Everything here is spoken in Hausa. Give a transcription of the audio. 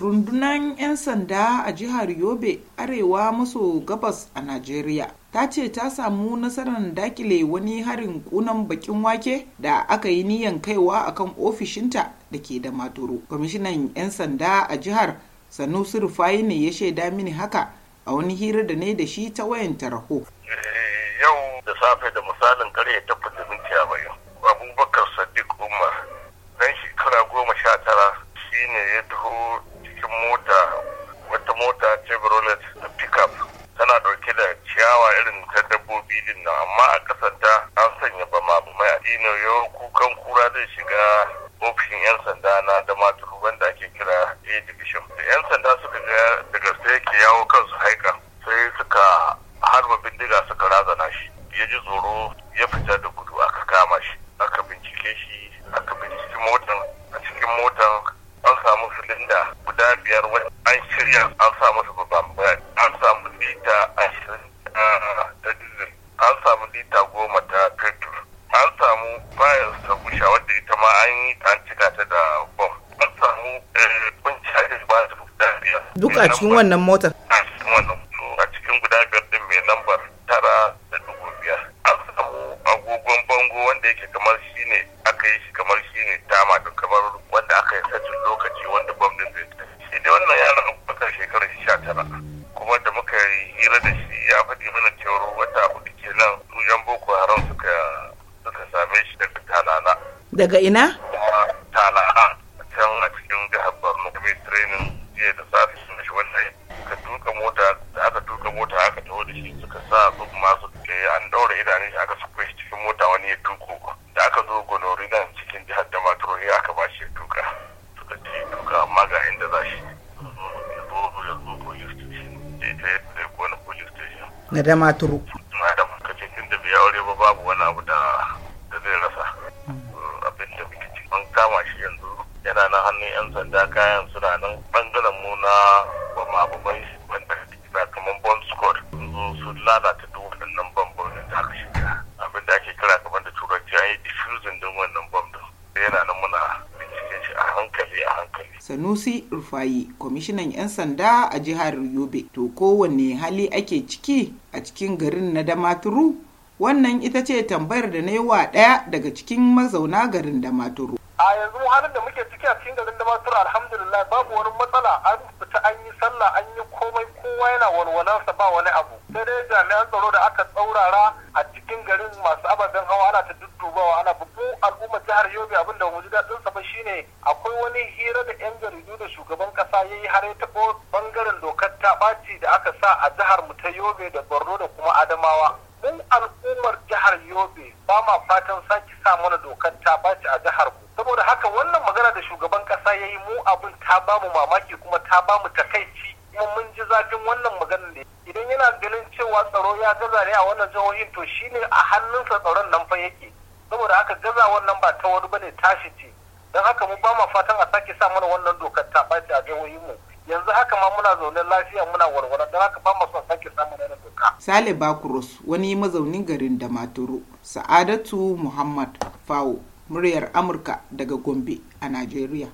rundunan 'yan sanda a jihar yobe arewa maso gabas a nigeria ta ce ta samu nasarar dakile wani harin kunan bakin wake da aka yi niyan kaiwa akan ofishinta da ke da maturu kwamishinan 'yan sanda a jihar sanusi rufayi ne ya shaida mini haka a wani hira da ne da shi ta wayan taraho eh, yau da safe da misalin karya minti abubakar sadiq umar dan shekara goma sha tara shine ya taho mota wata mota chevrolet da pickup tana dauke da ciyawa irin ta dabbobi din nan amma a kasanta an sanya ba ma mai adino yau kukan kura zai shiga ofishin yan sanda na da maturu wanda ake kira a division yan sanda suka ga daga sai yake yawo kansu haika irin sabusha wadda ita ma an yi an cika ta da bom an samu eh, kunci a irin ba su guda biyar duk a cikin wannan motar a cikin wannan a cikin guda biyar din mai lambar tara da dubu biyar an samu agogon bango wanda yake kamar shi ne aka yi shi kamar shi shine tama da kamar wanda aka yi sacin lokaci wanda bom din zai ta. shi da wannan yaron abubakar shekarar shi sha tara kuma da muka yi hira da shi daga ina tala can a cikin jihar borno jiya da safi shi wannan aka tuka mota aka taho da suka sa masu an daura idanun shi aka shi cikin wani ya tuko aka zo cikin jihar da maturo ya aka ba ya na da maturo na da ce tun da bai aure ba babu wani abu da kama shi yanzu yana nan hannun 'yan sanda kayan suna nan bangaren mu na abu mai wanda kamar bon squad yanzu sun lalata duk waɗannan bambamin da aka shiga abin da ake kira kamar da turanci an yi diffusing din wannan bam yana nan muna binciken shi a hankali a hankali. sanusi rufayi kwamishinan 'yan sanda a jihar yobe to kowanne hali ake ciki a cikin garin na damaturu wannan ita ce tambayar da na yi wa ɗaya daga cikin mazauna garin damaturu a yanzu halin da muke ciki a cikin garin da masu alhamdulillah babu wani matsala an fita an yi sallah an yi komai kowa yana walwalansa ba wani abu sai dai jami'an tsaro da aka tsaurara a cikin garin masu ababen hawa ana ta duddubawa ana bubu al'ummar jihar yobe abin da ji daɗin sa ba shine akwai wani hira da yan jaridu da shugaban kasa ya yi har ta taɓo bangaren dokar ta ɓaci da aka sa a jihar mu ta yobe da borno da kuma adamawa mun al'ummar jihar yobe ba ma fatan sake sa mana dokar ta ɓaci a jihar mu kasa ya yi mu abin ta ba mu mamaki kuma ta ba mu takaici kuma mun ji zafin wannan maganar ne idan yana ganin cewa tsaro ya gaza ne a wannan jihohin to shine a hannunsa tsaron nan fa yake saboda haka gaza wannan ba ta wani bane tashi ce don haka mu ba ma fatan a sake sa mana wannan dokar ta ɓaci a mu yanzu haka ma muna zaune lafiya muna warware don haka ba mu son sake sa mana wannan doka. Sale Bakuros wani mazaunin garin da Maturu Sa'adatu Muhammad Fawo muryar Amurka daga Gombe a Najeriya.